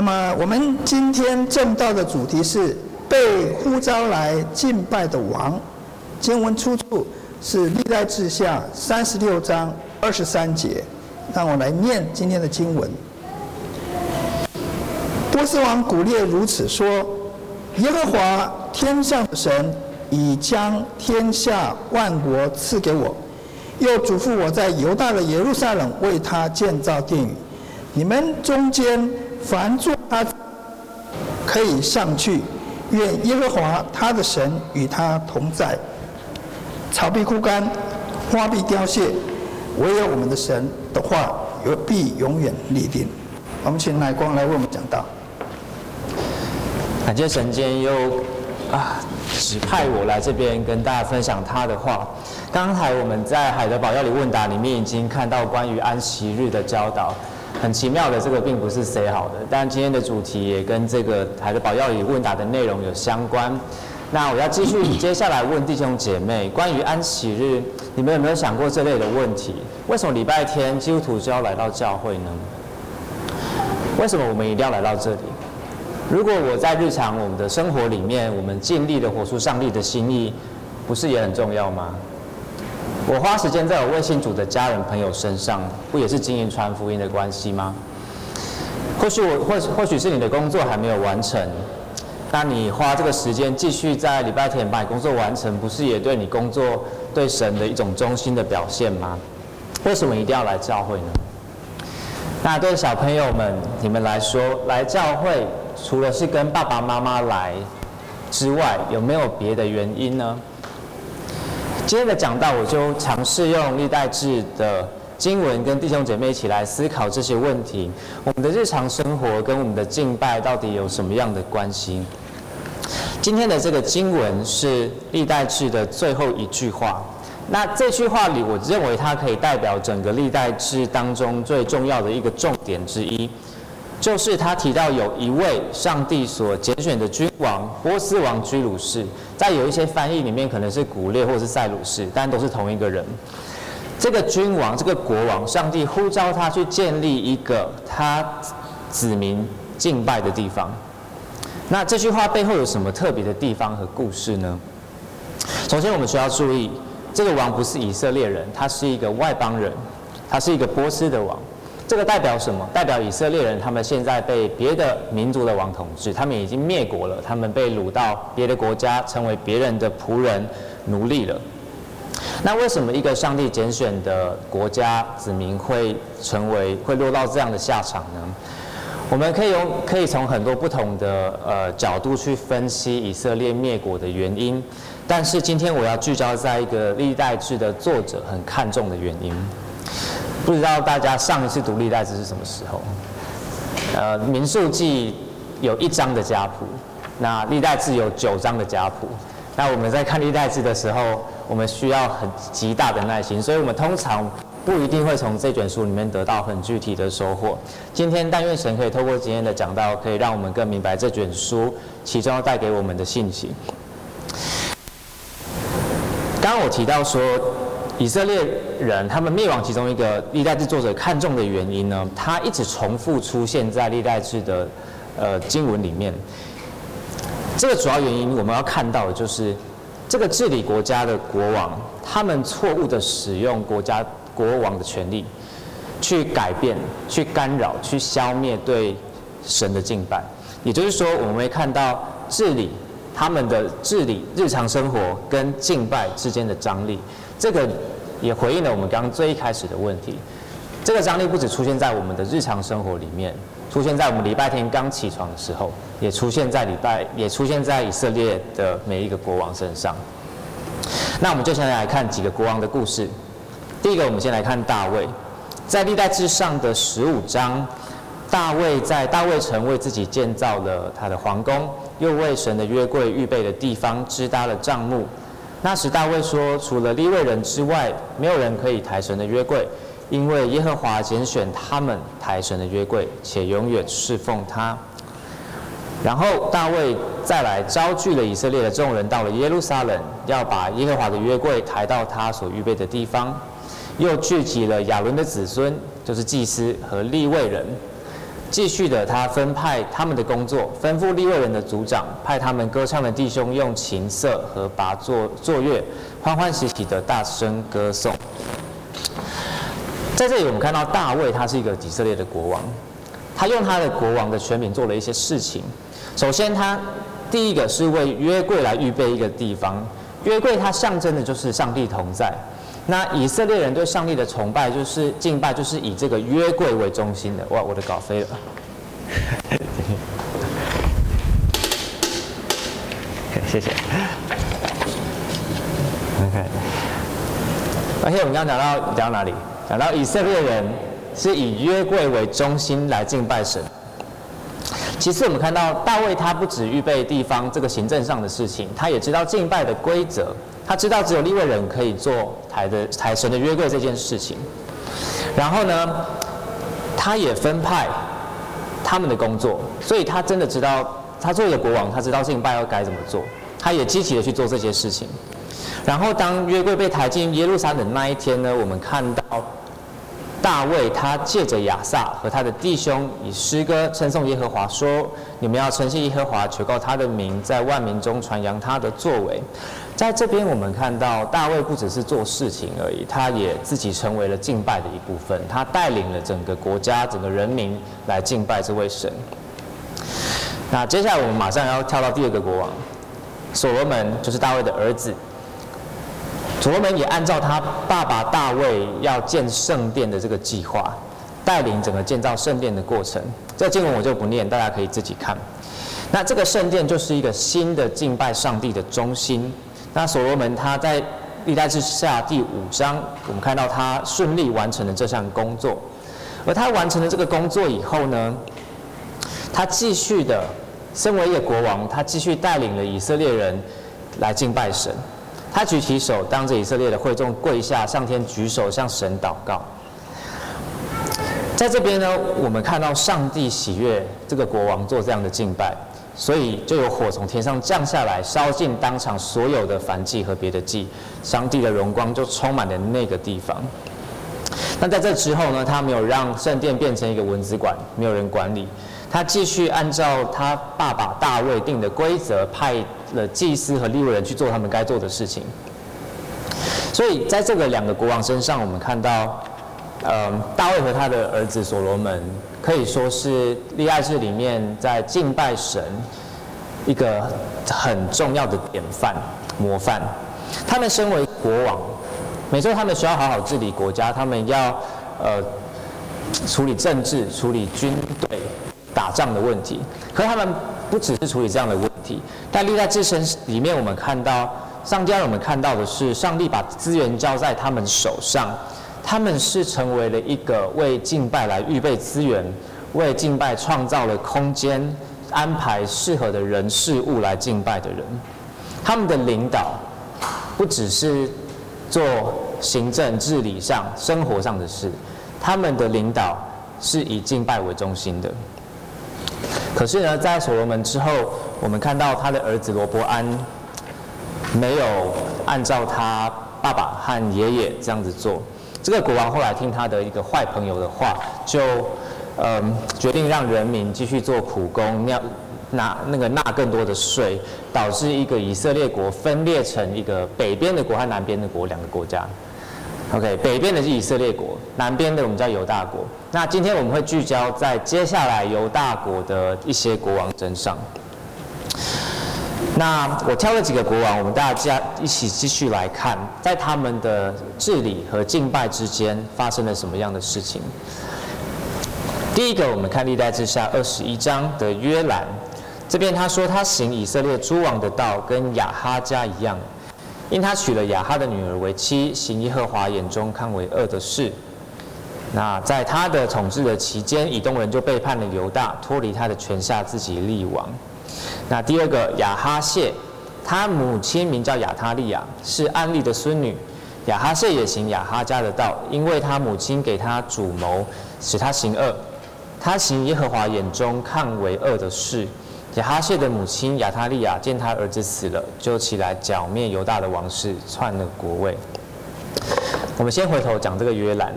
那麼我們今天正道的主題是被呼召來敬拜的王。經文出處是《歷代志下》三十六章二十三節。讓我來念今天的經文。波斯王古列如此說：“耶和華天上的神已將天下萬國賜給我，又囑咐我在猶大的耶路撒冷為他建造殿宇。你們中間。”凡作他可以上去，願耶和華他的神與他同在。草必枯乾，花必凋謝，唯有我們的神的話有必永遠立定。我們請乃光來為我們講道。感謝神，今天又啊指派我來這邊跟大家分享他的話。剛才我們在海德堡要理問答裡面已經看到關於安息日的教導。很奇妙的，這個並不是誰好的。但今天的主題也跟這個海德堡教理問答的內容有相關。那我要繼續接下來問弟兄姐妹，關於安息日，你們有沒有想過這類的問題？為什麼禮拜天基督徒就要來到教會呢？為什麼我們一定要來到這裡？如果我在日常我們的生活裡面，我們盡力的活出上帝的心意，不是也很重要嗎？我花時間在我衛星組的家人朋友身上，不也是經營傳福音的關係嗎？或許我或或許是你的工作還沒有完成，那你花這個時間繼續在禮拜天把你工作完成，不是也對你工作對神的一種忠心的表現嗎？為什麼一定要來教會呢？那對小朋友們你們來說，來教會除了是跟爸爸媽媽來之外，有沒有別的原因呢？今天的講道，我就嘗試用歷代志的經文跟弟兄姐妹一起來思考這些問題。我們的日常生活跟我們的敬拜到底有什麼樣的關係？今天的這個經文是歷代志的最後一句話。那這句話裡，我認為它可以代表整個歷代志當中最重要的一個重點之一。就是他提到有一位上帝所揀選的君王波斯王居魯士，在有一些翻譯裡面可能是古列或是塞魯士，但都是同一個人。這個君王、這個國王，上帝呼召他去建立一個他子民敬拜的地方。那這句話背後有什麼特別的地方和故事呢？首先，我們需要注意，這個王不是以色列人，他是一個外邦人，他是一個波斯的王。這個代表什麼？代表以色列人，他們現在被別的民族的王統治，他們已經滅國了，他們被擄到別的國家，成為別人的僕人、奴隸了。那為什麼一個上帝揀選的國家子民會成為會落到這樣的下場呢？我們可以用可以從很多不同的呃角度去分析以色列滅國的原因，但是今天我要聚焦在一個歷代志的作者很看重的原因。不知道大家上一次讀《歷代志》是什麼時候？呃，《民數記》有一章的家譜，那《歷代志》有九章的家譜。那我們在看《歷代志》的時候，我們需要很極大的耐心，所以我們通常不一定會從這卷書裡面得到很具體的收穫。今天但願神可以透過今天的講道，可以讓我們更明白這卷書其中要帶給我們的信息。剛剛我提到說，以色列人他們滅亡，其中一個歷代志作者看重的原因呢，他一直重複出現在歷代志的呃經文裡面。這個主要原因，我們要看到的就是這個治理國家的國王，他們錯誤地使用國家國王的權力，去改變、去干擾、去消滅對神的敬拜。也就是說，我們會看到治理他們的治理日常生活跟敬拜之間的張力。這個也回應了我們剛剛最一開始的問題。這個張力不只出現在我們的日常生活裡面，出現在我們禮拜天剛起床的時候，也出現在禮拜，也出現在以色列的每一個國王身上。那我們就先來看幾個國王的故事。第一個，我們先來看大衛。在歷代志上的十五章，大衛在大衛城為自己建造了他的皇宮，又為神的約櫃預備的地方支搭了帳幕。那時大衛說：“除了利未人之外，沒有人可以抬神的約櫃，因為耶和華揀選他們抬神的約櫃，且永遠侍奉他。”然後大衛再來招聚了以色列的眾人，到了耶路撒冷，要把耶和華的約櫃抬到他所預備的地方，又聚集了亞倫的子孫，就是祭司和利未人。繼續的，他分派他們的工作，吩咐利未人的族長派他們歌唱的弟兄用琴瑟和鈸作作樂，歡歡喜喜地大聲歌頌。在這裡，我們看到大衛他是一個以色列的國王，他用他的國王的權柄做了一些事情。首先，他第一個是為約櫃來預備一個地方，約櫃它象徵的就是上帝同在。那以色列人對上帝的崇拜就是敬拜，就是以這個約櫃為中心的。哇，我的稿飛了。謝謝。OK。而且我們剛剛講到，講到哪裡？講到以色列人是以約櫃為中心來敬拜神。其次，我們看到大衛他不只預備地方這個行政上的事情，他也知道敬拜的規則。他知道只有利未人可以做抬的抬神的約櫃這件事情，然後呢，他也分派他們的工作，所以他真的知道他作為了國王，他知道敬拜要該怎麼做，他也積極的去做這些事情。然後當約櫃被抬進耶路撒冷那一天呢，我們看到大衛他借着亞薩和他的弟兄以詩歌稱頌耶和華說，說你們要稱謝耶和華，求告他的名，在萬民中傳揚他的作為。在這邊，我們看到大衛不只是做事情而已，他也自己成為了敬拜的一部分。他帶領了整個國家、整個人民來敬拜這位神。那接下來，我們馬上要跳到第二個國王——所羅門，就是大衛的兒子。所羅門也按照他爸爸大衛要建聖殿的這個計劃，帶領整個建造聖殿的過程。這經文我就不念，大家可以自己看。那這個聖殿就是一個新的敬拜上帝的中心。那所羅門他在歷代志下第五章，我們看到他順利完成了這項工作。而他完成了這個工作以後呢，他繼續的身為一個國王，他繼續帶領了以色列人來敬拜神。他舉起手，當着以色列的會眾跪下，向天舉手向神禱告。在這邊呢，我們看到上帝喜悅這個國王做這樣的敬拜。所以就有火從天上降下來，燒盡當場所有的燔祭和別的祭，上帝的榮光就充滿了那個地方。那在這之後呢，他沒有讓聖殿變成一個蚊子館，沒有人管理。他繼續按照他爸爸大衛定的規則，派了祭司和利未人去做他們該做的事情。所以在這個兩個國王身上，我們看到，嗯、呃，大衛和他的兒子所羅門。可以說是歷代志裡面在敬拜神一個很重要的典範模範。他們身為國王，每周他們需要好好治理國家，他們要呃處理政治、處理軍隊、打仗的問題。可他們不只是處理這樣的問題，但歷代志上裡面，我們看到上帝，我們看到的是上帝把資源交在他們手上。他們是成為了一個為敬拜來預備資源、為敬拜創造了空間、安排適合的人事物來敬拜的人。他們的領導不只是做行政治理上、生活上的事，他們的領導是以敬拜為中心的。可是呢，在所羅門之後，我們看到他的兒子羅波安沒有按照他爸爸和爺爺這樣子做。這個國王後來聽他的一個壞朋友的話，就，嗯、呃，決定讓人民繼續做苦工，要拿那個納更多的稅，導致一個以色列國分裂成一個北邊的國和南邊的國兩個國家。OK，北邊的是以色列國，南邊的我們叫猶大國。那今天我們會聚焦在接下來猶大國的一些國王身上。那我挑了幾個國王，我們大家一起繼續來看，在他們的治理和敬拜之間發生了什麼樣的事情？第一個，我們看《歷代志下》二十一章的約蘭，這邊他說他行以色列諸王的道，跟亞哈家一樣，因他娶了亞哈的女兒為妻，行耶和華眼中看為惡的事。那在他的統治的期間，以東人就背叛了猶大，脫離他的權下，自己立王。那第二個亞哈謝，他母親名叫亞他利雅，是暗利的孫女。亞哈謝也行亞哈家的道，因為他母親給他主謀，使他行惡。他行耶和華眼中看為惡的事。亞哈謝的母親亞他利雅見他兒子死了，就起來剿滅猶大的王室，篡了國位。我們先回頭講這個約蘭，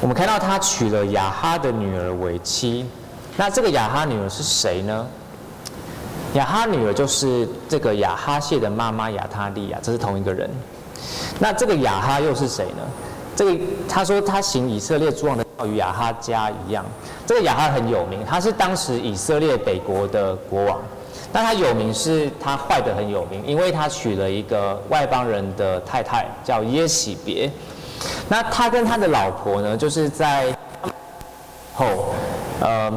我們看到他娶了亞哈的女兒為妻。那這個亞哈女兒是誰呢？亞哈女兒就是這個亞哈謝的媽媽亞他利亞，這是同一個人。那這個亞哈又是誰呢？這個他說他行以色列諸王的道，與亞哈家一樣。這個亞哈很有名，他是當時以色列北國的國王。那他有名是他壞得很有名，因為他娶了一個外邦人的太太叫耶洗別。那他跟他的老婆呢，就是在後、哦，呃。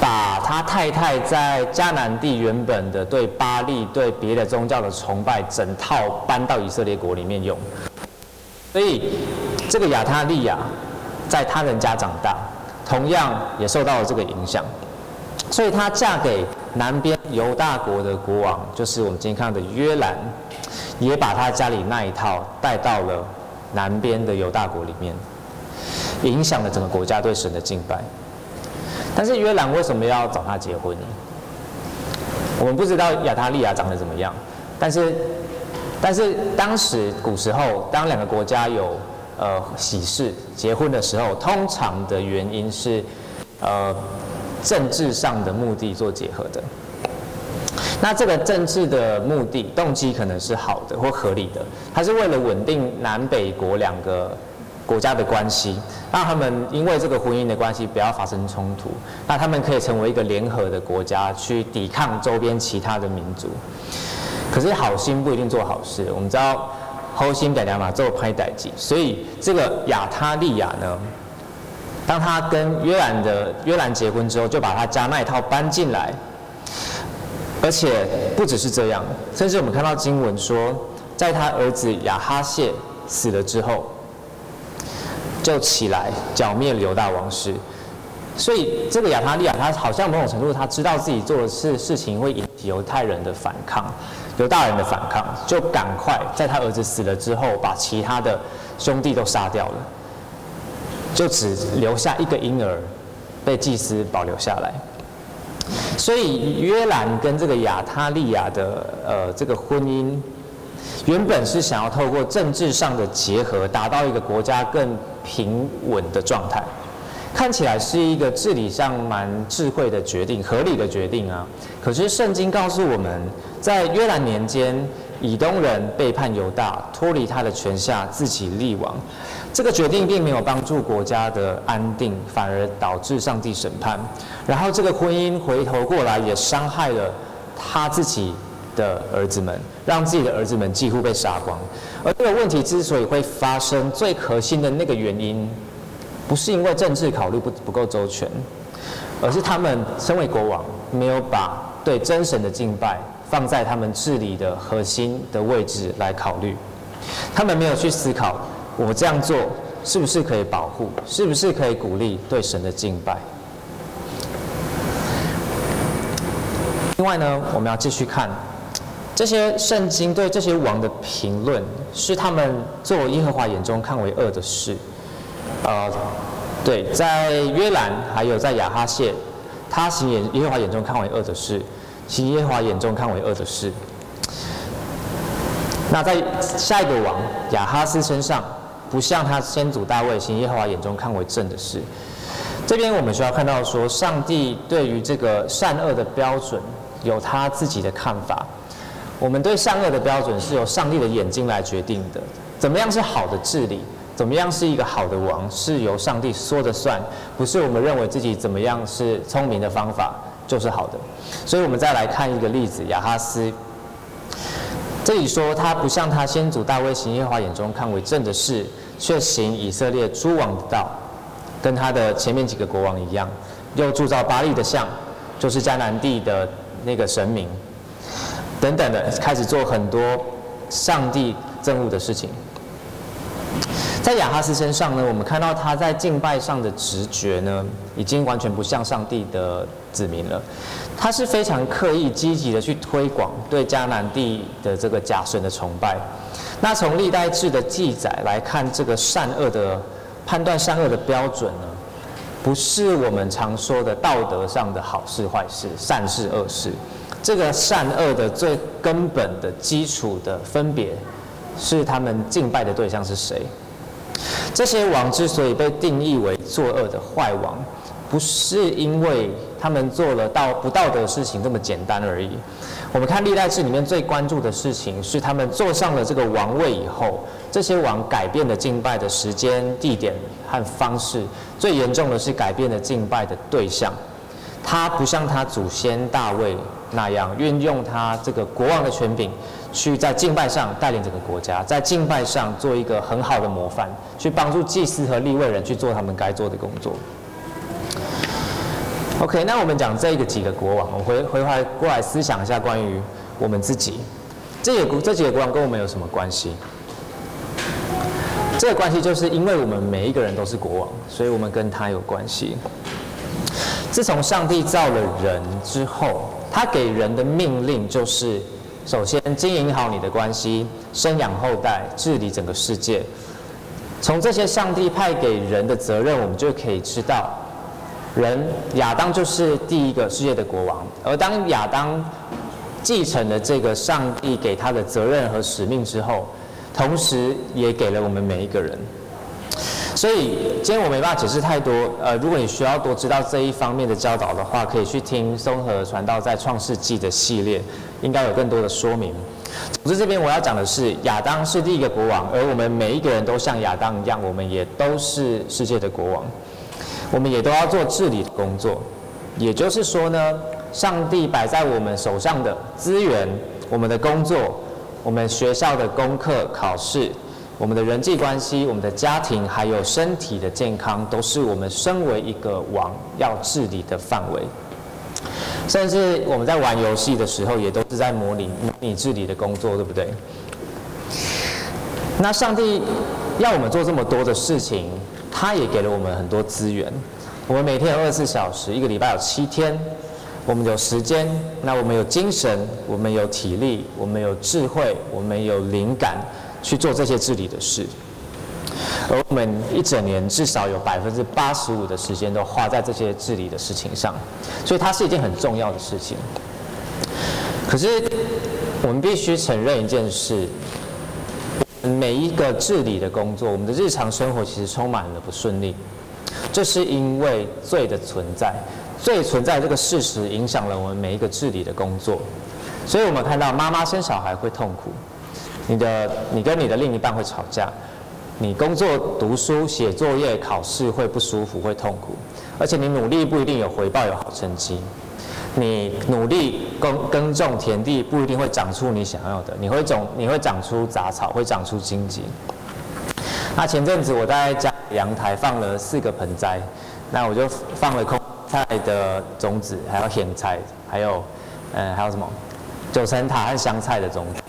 把他太太在迦南地原本的對巴力、對別的宗教的崇拜，整套搬到以色列國裡面用。所以，這個亞他利雅在他人家長大，同樣也受到了這個影響。所以，他嫁給南邊猶大國的國王，就是我們今天看到的約蘭，也把他家裡那一套帶到了南邊的猶大國裡面，影響了整個國家對神的敬拜。但是約蘭為什麼要找她結婚呢？我們不知道亞他利雅長得怎麼樣，但是，但是當時古時候，當兩個國家有呃喜事結婚的時候，通常的原因是，呃，政治上的目的做結合的。那這個政治的目的動機可能是好的或合理的，它是為了穩定南北國兩個。國家的關係，那他們因為這個婚姻的關係，不要發生衝突，那他們可以成為一個聯合的國家，去抵抗周邊其他的民族。可是好心不一定做好事，我們知道“好心歹娘馬，做拍歹計”，所以這個亞他利亞呢，當他跟約蘭的約蘭結婚之後，就把他家那一套搬進來，而且不只是這樣，甚至我們看到經文說，在他兒子亞哈謝死了之後。就起來剿滅猶大王室，所以這個亞他利亞他好像某種程度，他知道自己做的事事情，會引起猶太人的反抗，猶大人的反抗，就趕快在他兒子死了之後，把其他的兄弟都殺掉了，就只留下一個嬰兒被祭司保留下來。所以約蘭跟這個亞他利亞的呃這個婚姻，原本是想要透過政治上的結合，達到一個國家更平穩的狀態，看起來是一個治理上蠻智慧的決定，合理的決定啊。可是聖經告訴我們，在約蘭年間，以東人背叛猶大，脫離他的權下，自己立王。這個決定並沒有幫助國家的安定，反而導致上帝審判。然後這個婚姻回頭過來，也傷害了他自己。的兒子們，讓自己的兒子們幾乎被殺光。而這個問題之所以會發生，最核心的那個原因，不是因為政治考慮不不夠周全，而是他們身為國王，沒有把對真神的敬拜放在他們治理的核心的位置來考慮。他們沒有去思考，我這樣做是不是可以保護，是不是可以鼓勵對神的敬拜。另外呢，我們要繼續看。這些聖經對這些王的評論，是他們做耶和華眼中看為惡的事。呃，對，在約蘭還有在亞哈謝，他行耶和華眼中看為惡的事，行耶和華眼中看為惡的事。那在下一個王亞哈斯身上，不像他先祖大衛行耶和華眼中看為正的事。這邊我們需要看到說，上帝對於這個善惡的標準，有他自己的看法。我們對善惡的標準是由上帝的眼睛來決定的，怎麼樣是好的治理，怎麼樣是一個好的王，是由上帝說的算，不是我們認為自己怎麼樣是聰明的方法就是好的。所以，我們再來看一個例子，亞哈斯。這裡說他不像他先祖大衛行耶和華眼中看為正的事，卻行以色列諸王的道，跟他的前面幾個國王一樣，又鑄造巴力的像，就是迦南地的那個神明。等等的，開始做很多上帝憎惡的事情。在亞哈斯身上呢，我們看到他在敬拜上的直覺呢，已經完全不像上帝的子民了。他是非常刻意、積極的去推廣對迦南地的這個假神的崇拜。那從歷代志的記載來看，這個善惡的判斷、善惡的標準呢，不是我們常說的道德上的好事壞事、善事惡事，這個善惡的最根本的基礎的分別，是他們敬拜的對象是誰。這些王之所以被定義為作惡的壞王，不是因為。他們做了道不道德的事情，這麼簡單而已。我們看歷代志裡面最關注的事情是，他們坐上了這個王位以後，這些王改變了敬拜的時間、地點和方式。最嚴重的是改變了敬拜的對象。他不像他祖先大衛那樣運用他這個國王的權柄，去在敬拜上帶領整個國家，在敬拜上做一個很好的模範，去幫助祭司和利未人去做他們該做的工作。OK，那我們講這一個幾個國王，我回回來過來思想一下關於我們自己，這幾這幾個國王跟我們有什麼關係？這個關係就是因為我們每一個人都是國王，所以我們跟他有關係。自從上帝造了人之後，他給人的命令就是：首先經營好你的關係，生養後代，治理整個世界。從這些上帝派給人的責任，我們就可以知道。人亞當就是第一個世界的國王，而當亞當繼承了這個上帝給他的責任和使命之後，同時也給了我們每一個人。所以今天我沒辦法解釋太多，呃，如果你需要多知道這一方面的教導的話，可以去聽松和傳道在創世紀的系列，應該有更多的說明。總之這邊我要講的是，亞當是第一個國王，而我們每一個人都像亞當一樣，我們也都是世界的國王。我們也都要做治理的工作，也就是說呢，上帝擺在我們手上的資源，我們的工作，我們學校的功課、考試，我們的人際關係，我們的家庭，還有身體的健康，都是我們身為一個王要治理的範圍。甚至我們在玩遊戲的時候，也都是在模擬、模擬治理的工作，對不對？那上帝要我們做這麼多的事情。他也給了我們很多資源，我們每天有二十四小時，一個禮拜有七天，我們有時間，那我們有精神，我們有體力，我們有智慧，我們有靈感去做這些治理的事。而我們一整年至少有百分之八十五的時間都花在這些治理的事情上，所以它是一件很重要的事情。可是我們必須承認一件事。每一個治理的工作，我們的日常生活其實充滿了不順利，這，就是因為罪的存在，罪存在這個事實影響了我們每一個治理的工作，所以我們看到媽媽生小孩會痛苦，你的你跟你的另一半會吵架，你工作、讀書、寫作業、考試會不舒服、會痛苦，而且你努力不一定有回報、有好成績。你努力耕耕種田地，不一定會長出你想要的，你會種，你會長出雜草，會長出荊棘。那前陣子我在家陽台放了四個盆栽，那我就放了空心菜的種子，還有莧菜，還有，嗯，還有什麼九層塔和香菜的種子。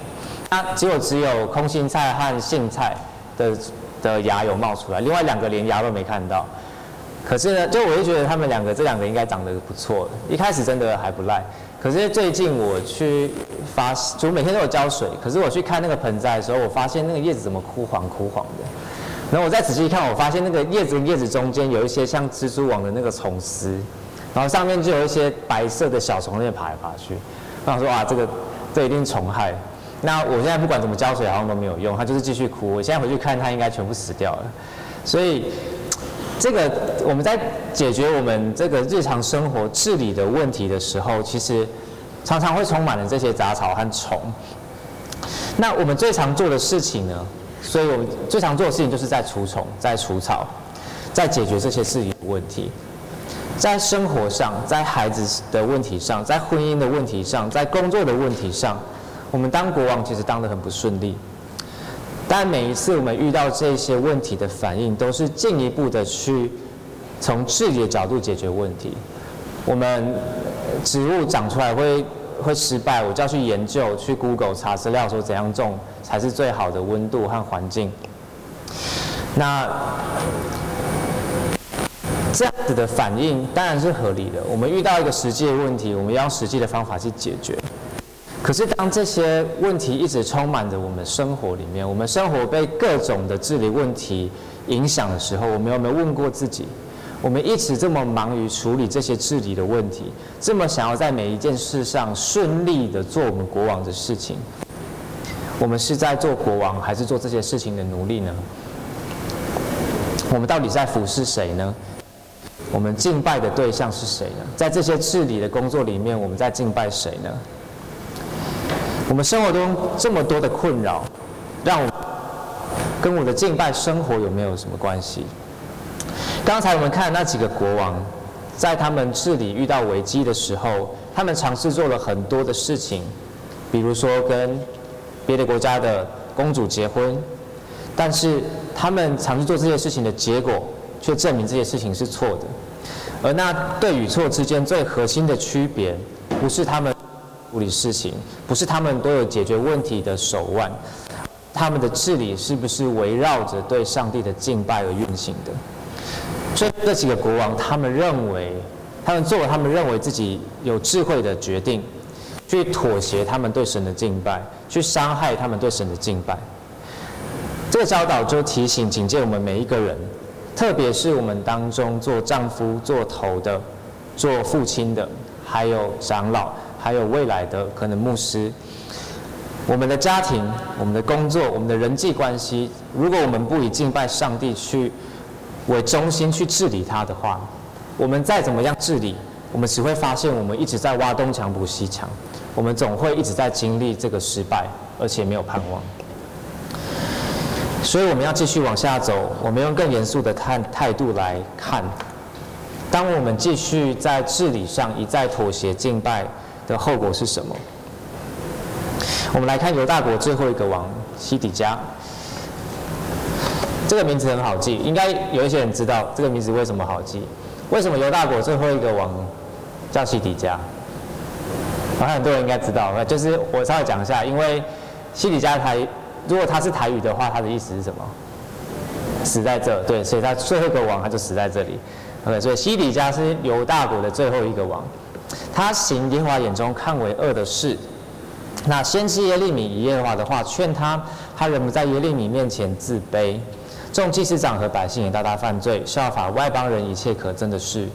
那只有只有空心菜和莧菜的的芽有冒出來，另外兩個連芽都沒看到。可是呢，就我就覺得他們兩個這兩個應該長得不錯，一開始真的還不賴。可是最近我去發，就每天都有澆水，可是我去看那個盆栽的時候，我發現那個葉子怎麼枯黃枯黃的。然後我再仔細一看，我發現那個葉子跟葉子中間有一些像蜘蛛網的那個蟲絲，然後上面就有一些白色的小蟲在那爬來爬去。那我說哇，這個這一定蟲害。那我現在不管怎麼澆水好像都沒有用，它就是繼續枯。我現在回去看它應該全部死掉了，所以。這個我們在解決我們這個日常生活治理的問題的時候，其實常常會充滿了這些雜草和蟲。那我們最常做的事情呢？所以我們最常做的事情就是在除蟲、在除草、在解決這些事情的問題。在生活上，在孩子的問題上，在婚姻的問題上，在工作的問題上，我們當國王其實當得很不順利。但每一次我們遇到這些問題的反應，都是進一步的去從自己的角度解決問題。我們植物長出來會會失敗，我就要去研究，去 Google 查資料，說怎樣種才是最好的溫度和環境。那這樣子的反應當然是合理的。我們遇到一個實際的問題，我們要用實際的方法去解決。可是，當這些問題一直充滿着我們生活裡面，我們生活被各種的治理問題影響的時候，我們有沒有問過自己？我們一直這麼忙於處理這些治理的問題，這麼想要在每一件事上順利的做我們國王的事情，我們是在做國王，還是做這些事情的奴隸呢？我們到底在服侍誰呢？我們敬拜的對象是誰呢？在這些治理的工作裡面，我們在敬拜誰呢？我們生活中這麼多的困擾，讓我跟我的敬拜生活有沒有什麼關係？剛才我們看那幾個國王，在他們治理遇到危機的時候，他們嘗試做了很多的事情，比如說跟別的國家的公主結婚，但是他們嘗試做這些事情的結果，卻證明這些事情是錯的。而那對與錯之間最核心的區別，不是他們。處理事情，不是他們都有解決問題的手腕，他們的治理是不是圍繞着對上帝的敬拜而運行的？所以這幾個國王，他們認為，他們做了他們認為自己有智慧的決定，去妥協他們對神的敬拜，去傷害他們對神的敬拜。這個教導就提醒警戒我們每一個人，特別是我們當中做丈夫、做頭的、做父親的，還有長老。還有未來的可能牧師，我們的家庭、我們的工作、我們的人際關係，如果我們不以敬拜上帝去為中心去治理它的話，我們再怎麼樣治理，我們只會發現我們一直在挖東牆補西牆，我們總會一直在經歷這個失敗，而且沒有盼望。所以我們要繼續往下走，我們用更嚴肅的態態度來看，當我們繼續在治理上一再妥協，敬拜。的後果是什麼？我們來看猶大國最後一個王西底家。這個名字很好記，應該有一些人知道這個名字為什麼好記？為什麼猶大國最後一個王叫西底家？我、啊、看很多人應該知道，就是我稍微講一下，因為西底家台，如果他是台語的話，他的意思是什麼？死在這，對，所以他最後一個王他就死在這裡，OK，所以西底家是猶大國的最後一個王。他行耶和華眼中看為惡的事，那先知耶利米以耶和華的話勸他，他仍不在耶利米面前自卑。眾祭司長和百姓也大大犯罪，效法外邦人一切可憎的事，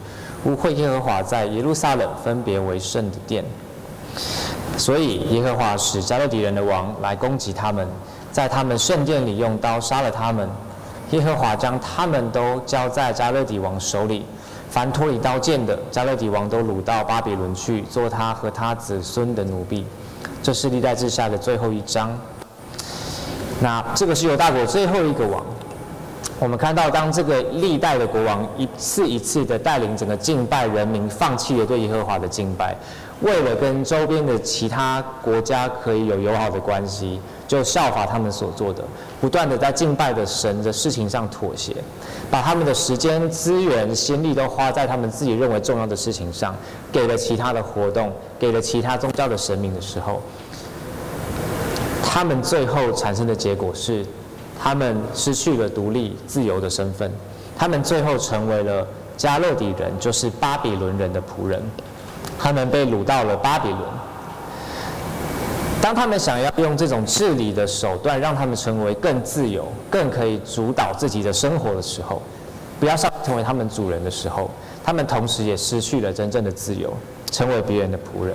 污穢耶和華在耶路撒冷分別為聖的殿。所以耶和華使迦勒底人的王來攻擊他們，在他們聖殿裡用刀殺了他們。耶和華將他們都交在迦勒底王手裡。凡脫離刀劍的迦勒底王，都擄到巴比倫去做他和他子孫的奴婢。這是歷代志下的最後一章。那這個是猶大國最後一個王。我們看到，當這個歷代的國王一次一次的帶領整個敬拜人民，放棄了對耶和華的敬拜，為了跟周邊的其他國家可以有友好的關係，就效法他們所做的，不斷的在敬拜的神的事情上妥協，把他們的時間、資源、心力都花在他們自己認為重要的事情上，給了其他的活動，給了其他宗教的神明的時候，他們最後產生的結果是。他們失去了獨立自由的身份，他們最後成為了迦勒底人，就是巴比倫人的僕人。他們被擄到了巴比倫。當他們想要用這種治理的手段，讓他們成為更自由、更可以主導自己的生活的時候，不要上成為他們主人的時候，他們同時也失去了真正的自由，成為別人的僕人，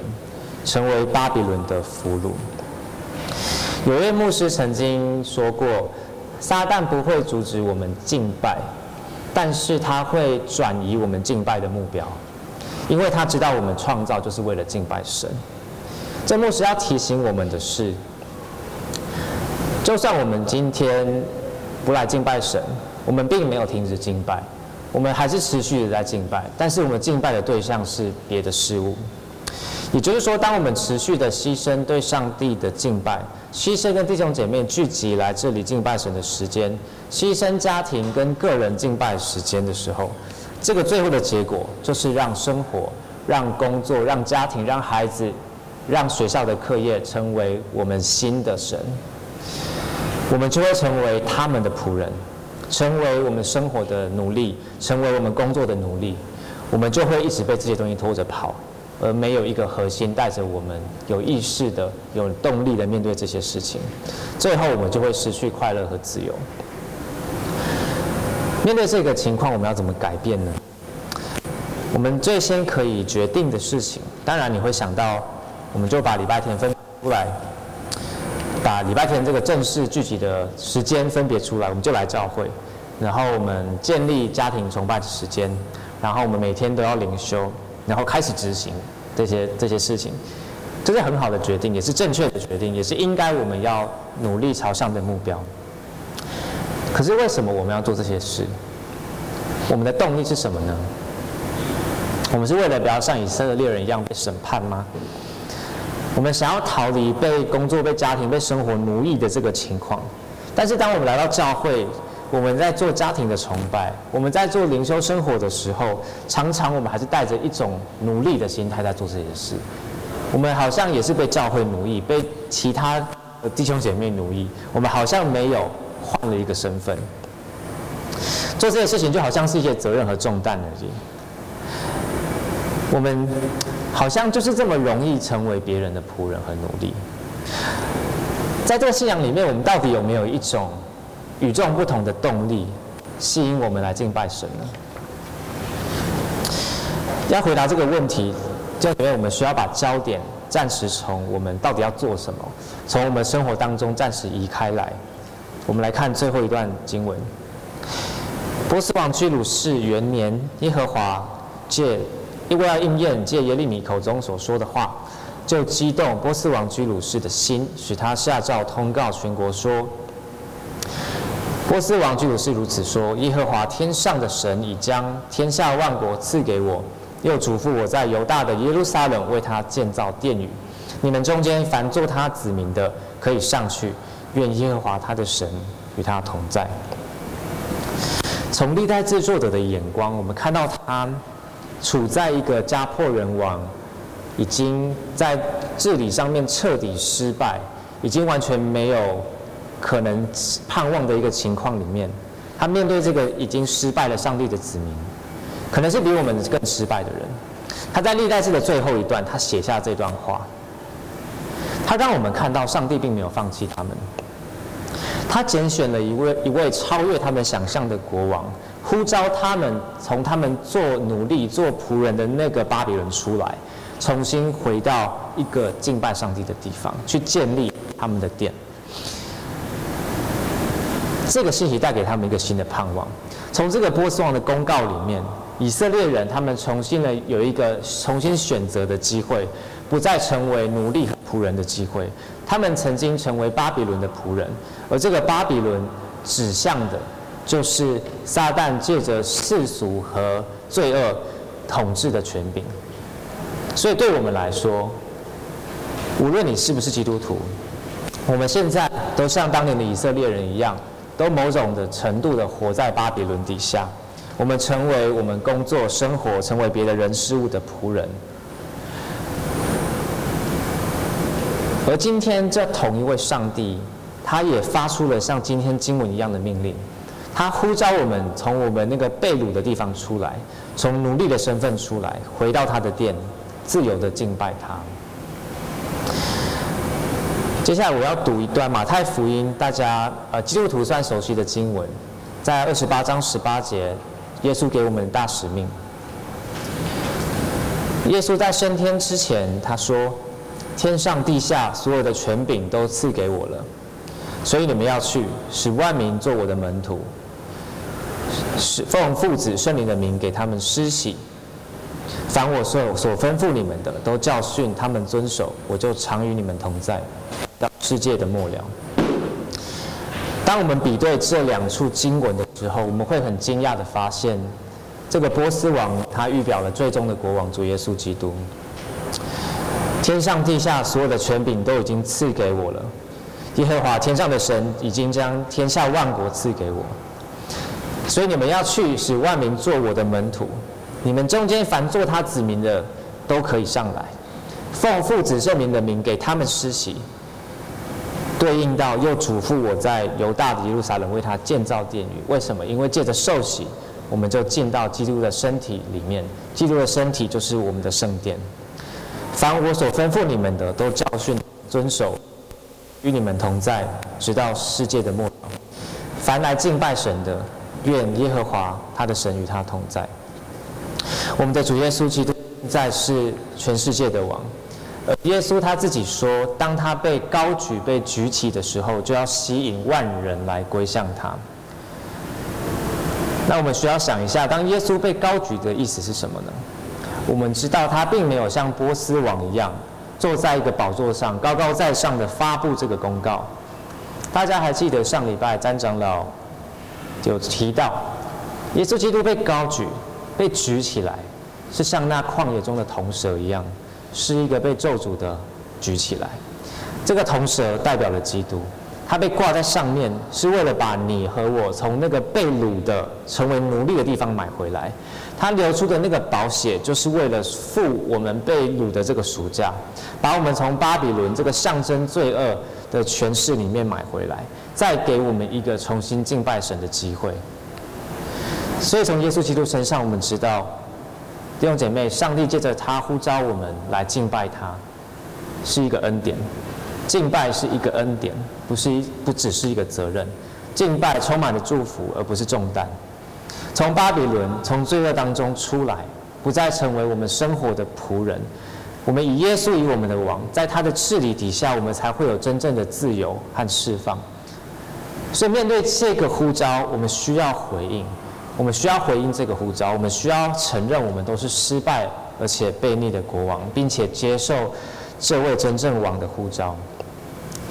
成為巴比倫的俘虜。有一位牧師曾經說過，撒旦不會阻止我們敬拜，但是他會轉移我們敬拜的目標，因為他知道我們創造就是為了敬拜神。這牧師要提醒我們的是，就算我們今天不來敬拜神，我們並沒有停止敬拜，我們還是持續的在敬拜，但是我們敬拜的對象是別的事物。也就是說，當我們持續的犧牲對上帝的敬拜，犧牲跟弟兄姐妹聚集來這裡敬拜神的時間，犧牲家庭跟個人敬拜時間的時候，這個最後的結果就是讓生活、讓工作、讓家庭、讓孩子、讓學校的課業成為我們新的神，我們就會成為他們的僕人，成為我們生活的奴隸，成為我們工作的奴隸，我們就會一直被這些東西拖着跑。而沒有一個核心帶着我們有意識的、有動力的面對這些事情，最後我們就會失去快樂和自由。面對這個情況，我們要怎麼改變呢？我們最先可以決定的事情，當然你會想到，我們就把禮拜天分出來，把禮拜天這個正式聚集的時間分別出來，我們就來教會。然後我們建立家庭崇拜的時間，然後我們每天都要靈修。然後開始執行這些這些事情，這是很好的決定，也是正確的決定，也是應該我們要努力朝向的目標。可是為什麼我們要做這些事？我們的動力是什麼呢？我們是為了不要像以色列人一樣被審判嗎？我們想要逃離被工作、被家庭、被生活奴役的這個情況，但是當我們來到教會，我們在做家庭的崇拜，我們在做靈修生活的時候，常常我們還是帶着一種奴隸的心態在做這些事。我們好像也是被教會奴役，被其他的弟兄姐妹奴役。我們好像沒有換了一個身份，做這些事情就好像是一些責任和重擔而已。我們好像就是這麼容易成為別人的僕人和奴隸。在這個信仰裡面，我們到底有沒有一種與眾不同的動力，吸引我們來敬拜神了。要回答這個問題，就是、因為我們需要把焦點暫時從我們到底要做什麼，從我們生活當中暫時移開來。我們來看最後一段經文：波斯王居魯士元年，耶和華借因為要應驗借耶利米口中所說的話，就激動波斯王居魯士的心，使他下詔通告全國說。波斯王居魯士如此說：“耶和華天上的神已將天下萬國賜給我，又囑咐我在猶大的耶路撒冷為他建造殿宇。你們中間凡作他子民的，可以上去，願耶和華他的神與他同在。”從歷代志作者的眼光，我們看到他處在一個家破人亡，已經在治理上面徹底失敗，已經完全沒有。可能盼望的一個情況裡面，他面對這個已經失敗了上帝的子民，可能是比我們更失敗的人。他在歷代志的最後一段，他寫下這段話，他讓我們看到上帝並沒有放棄他們，他揀選了一位一位超越他們想象的國王，呼召他們從他們做奴隸、做僕人的那個巴比倫出來，重新回到一個敬拜上帝的地方，去建立他們的殿。這個信息帶給他們一個新的盼望。從這個波斯王的公告裡面，以色列人他們重新的有一個重新選擇的機會，不再成為奴隸和僕人的機會。他們曾經成為巴比倫的僕人，而這個巴比倫指向的，就是撒旦借着世俗和罪惡統治的權柄。所以，對我們來說，無論你是不是基督徒，我們現在都像當年的以色列人一樣。都某種的程度的活在巴比倫底下，我們成為我們工作、生活，成為別的人事物的僕人。而今天這同一位上帝，他也發出了像今天經文一樣的命令，他呼召我們從我們那個被擄的地方出來，從奴隸的身份出來，回到他的殿，自由的敬拜他。接下來我要讀一段馬太福音，大家呃基督徒算熟悉的經文，在二十八章十八節，耶穌給我們大使命。耶穌在升天之前，他說：“天上地下所有的權柄都賜給我了，所以你們要去，使萬民做我的門徒，使奉父子聖靈的名給他們施洗，凡我所有所吩咐你們的，都教訓他們遵守，我就常與你們同在。”到世界的末了。當我們比對這兩處經文的時候，我們會很驚訝的發現，這個波斯王他預表了最終的國王主耶穌基督。天上地下所有的權柄都已經賜給我了，耶和華天上的神已經將天下萬國賜給我。所以你們要去，使萬民做我的門徒。你們中間凡做他子民的，都可以上來，奉父子聖明的名給他們施洗。對應到又囑咐我在猶大的耶路撒冷為他建造殿宇，為什麼？因為借着受洗，我們就進到基督的身體裡面，基督的身體就是我們的聖殿。凡我所吩咐你們的，都教訓遵守，與你們同在，直到世界的末了。凡來敬拜神的，願耶和華他的神與他同在。我們的主耶穌基督現在是全世界的王。耶穌他自己說，當他被高舉、被舉起的時候，就要吸引萬人來歸向他。那我們需要想一下，當耶穌被高舉的意思是什麼呢？我們知道他並沒有像波斯王一樣坐在一個寶座上，高高在上的發布這個公告。大家還記得上禮拜詹長老有提到，耶穌基督被高舉、被舉起來，是像那曠野中的銅蛇一樣。是一個被咒詛的舉起來，這個銅蛇代表了基督，他被掛在上面是為了把你和我從那個被擄的、成為奴隸的地方買回來。他流出的那個寶血，就是為了付我們被擄的這個贖價，把我們從巴比倫這個象徵罪惡的權勢裡面買回來，再給我們一個重新敬拜神的機會。所以從耶穌基督身上，我們知道。弟兄姐妹，上帝借着他呼召我們來敬拜他，是一個恩典。敬拜是一個恩典，不是，不只是一個責任。敬拜充滿了祝福，而不是重擔。從巴比倫，從罪惡當中出來，不再成為我們生活的僕人。我們以耶穌為我們的王，在他的治理底下，我們才會有真正的自由和釋放。所以，面對這個呼召，我們需要回應。我們需要回應這個呼召，我們需要承認我們都是失敗而且悖逆的國王，並且接受這位真正王的呼召，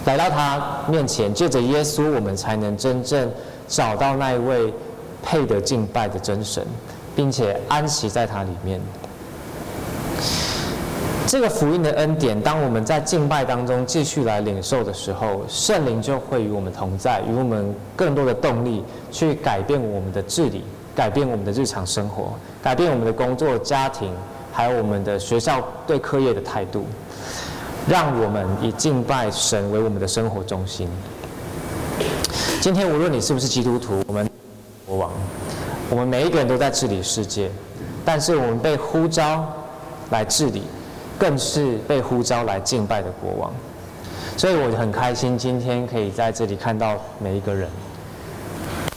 來到他面前，借着耶穌，我們才能真正找到那一位配得敬拜的真神，並且安息在他裡面。這個福音的恩典，當我們在敬拜當中繼續來領受的時候，聖靈就會與我們同在，與我們更多的動力去改變我們的治理。改變我們的日常生活，改變我們的工作、家庭，還有我們的學校對課業的態度，讓我們以敬拜神為我們的生活中心。今天無論你是不是基督徒，我們國王，我們每一個人都在治理世界，但是我們被呼召來治理，更是被呼召來敬拜的國王。所以我很開心今天可以在這裡看到每一個人。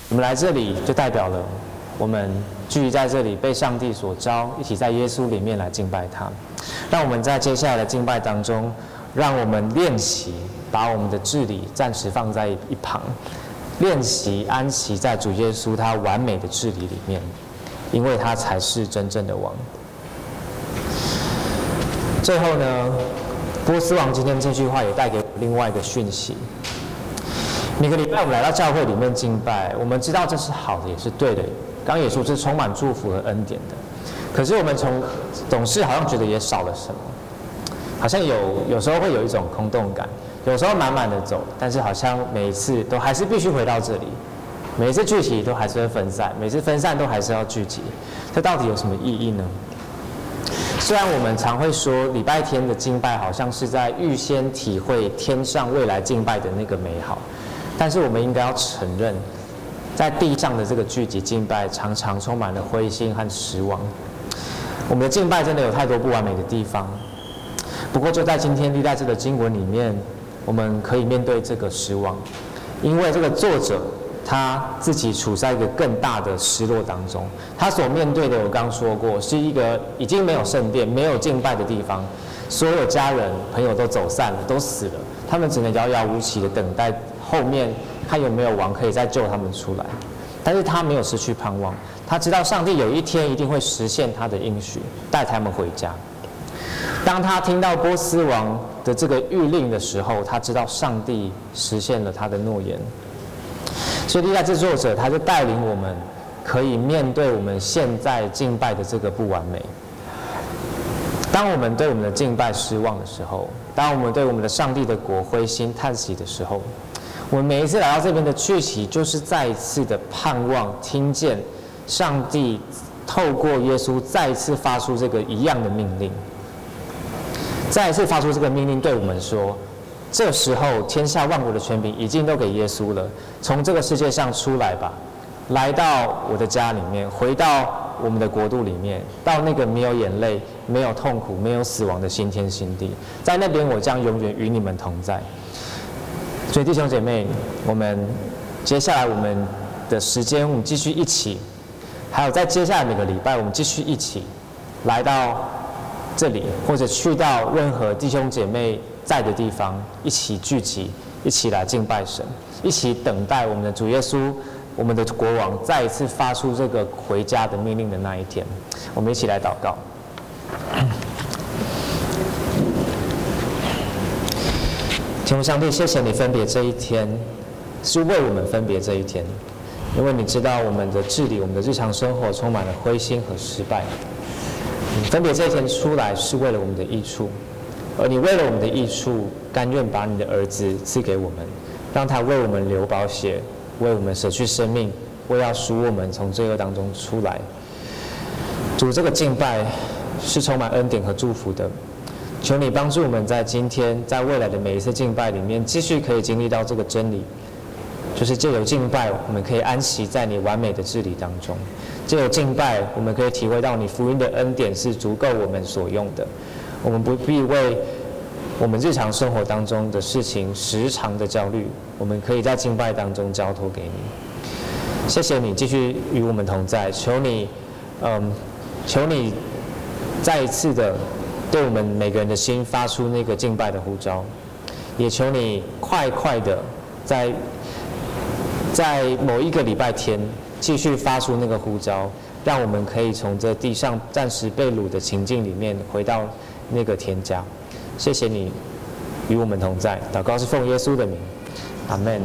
我們來這裡就代表了。我們聚在這裡，被上帝所召，一起在耶穌裡面來敬拜他。讓我們在接下來的敬拜當中，讓我們練習把我們的治理暫時放在一旁，練習安息在主耶穌他完美的治理裡面，因為他才是真正的王。最後呢，波斯王今天這句話也帶給我另外一個訊息：每個禮拜我們來到教會裡面敬拜，我們知道這是好的，也是對的。剛也說，是充滿祝福和恩典的。可是我們從總是好像覺得也少了什麼，好像有有時候會有一種空洞感，有時候滿滿的走，但是好像每一次都還是必須回到這裡，每一次聚集都還是會分散，每次分散都還是要聚集，這到底有什麼意義呢？雖然我們常會說禮拜天的敬拜好像是在預先體會天上未來敬拜的那個美好，但是我們應該要承認。在地上的這個聚集敬拜，常常充滿了灰心和失望。我們的敬拜真的有太多不完美的地方。不過就在今天，歷代志這個經文裡面，我們可以面對這個失望，因為這個作者他自己處在一個更大的失落當中。他所面對的，我剛剛說過，是一個已經沒有聖殿、沒有敬拜的地方，所有家人朋友都走散了，都死了。他們只能遙遙無期地等待後面，他有沒有王可以再救他們出來？但是他沒有失去盼望，他知道上帝有一天一定會實現他的應許，帶他們回家。當他聽到波斯王的這個諭令的時候，他知道上帝實現了他的諾言。所以，歷代志作者他就帶領我們，可以面對我們現在敬拜的這個不完美。當我們對我們的敬拜失望的時候，當我們對我們的上帝的國灰心嘆息的時候，我每一次來到這邊的聚集，就是再一次的盼望聽見上帝透過耶穌再一次發出這個一樣的命令，再一次發出這個命令對我們說：這時候天下萬國的權柄已經都給耶穌了，從這個世界上出來吧，來到我的家裡面，回到我們的國度裡面，到那個沒有眼淚、沒有痛苦、沒有死亡的新天新地，在那邊我將永遠與你們同在。所以，弟兄姐妹，我們接下來我們的時間，我們繼續一起；還有在接下來每個禮拜，我們繼續一起來到這裡，或者去到任何弟兄姐妹在的地方，一起聚集，一起來敬拜神，一起等待我們的主耶穌、我們的國王再一次發出這個回家的命令的那一天。我們一起來禱告。天父上帝，謝謝你分別這一天，是為我們分別這一天，因為你知道我們的治理、我們的日常生活充滿了灰心和失敗。分別這一天出來是為了我們的益處，而你為了我們的益處，甘願把你的兒子賜給我們，讓他為我們流寶血，為我們捨去生命，為要贖我們從罪惡當中出來。主，這個敬拜是充滿恩典和祝福的。求你幫助我們在今天，在未來的每一次敬拜裡面，繼續可以經歷到這個真理，就是借由敬拜，我們可以安息在你完美的治理當中；借由敬拜，我們可以體會到你福音的恩典是足夠我們所用的。我們不必為我們日常生活當中的事情時常的焦慮，我們可以在敬拜當中交託給你。謝謝你繼續與我們同在，求你，嗯，求你再一次的。對我們每個人的心發出那個敬拜的呼召，也求你快快的在在某一個禮拜天繼續發出那個呼召，讓我們可以從這地上暫時被擄的情境裡面回到那個天家。謝謝你與我們同在。禱告是奉耶穌的名，阿門。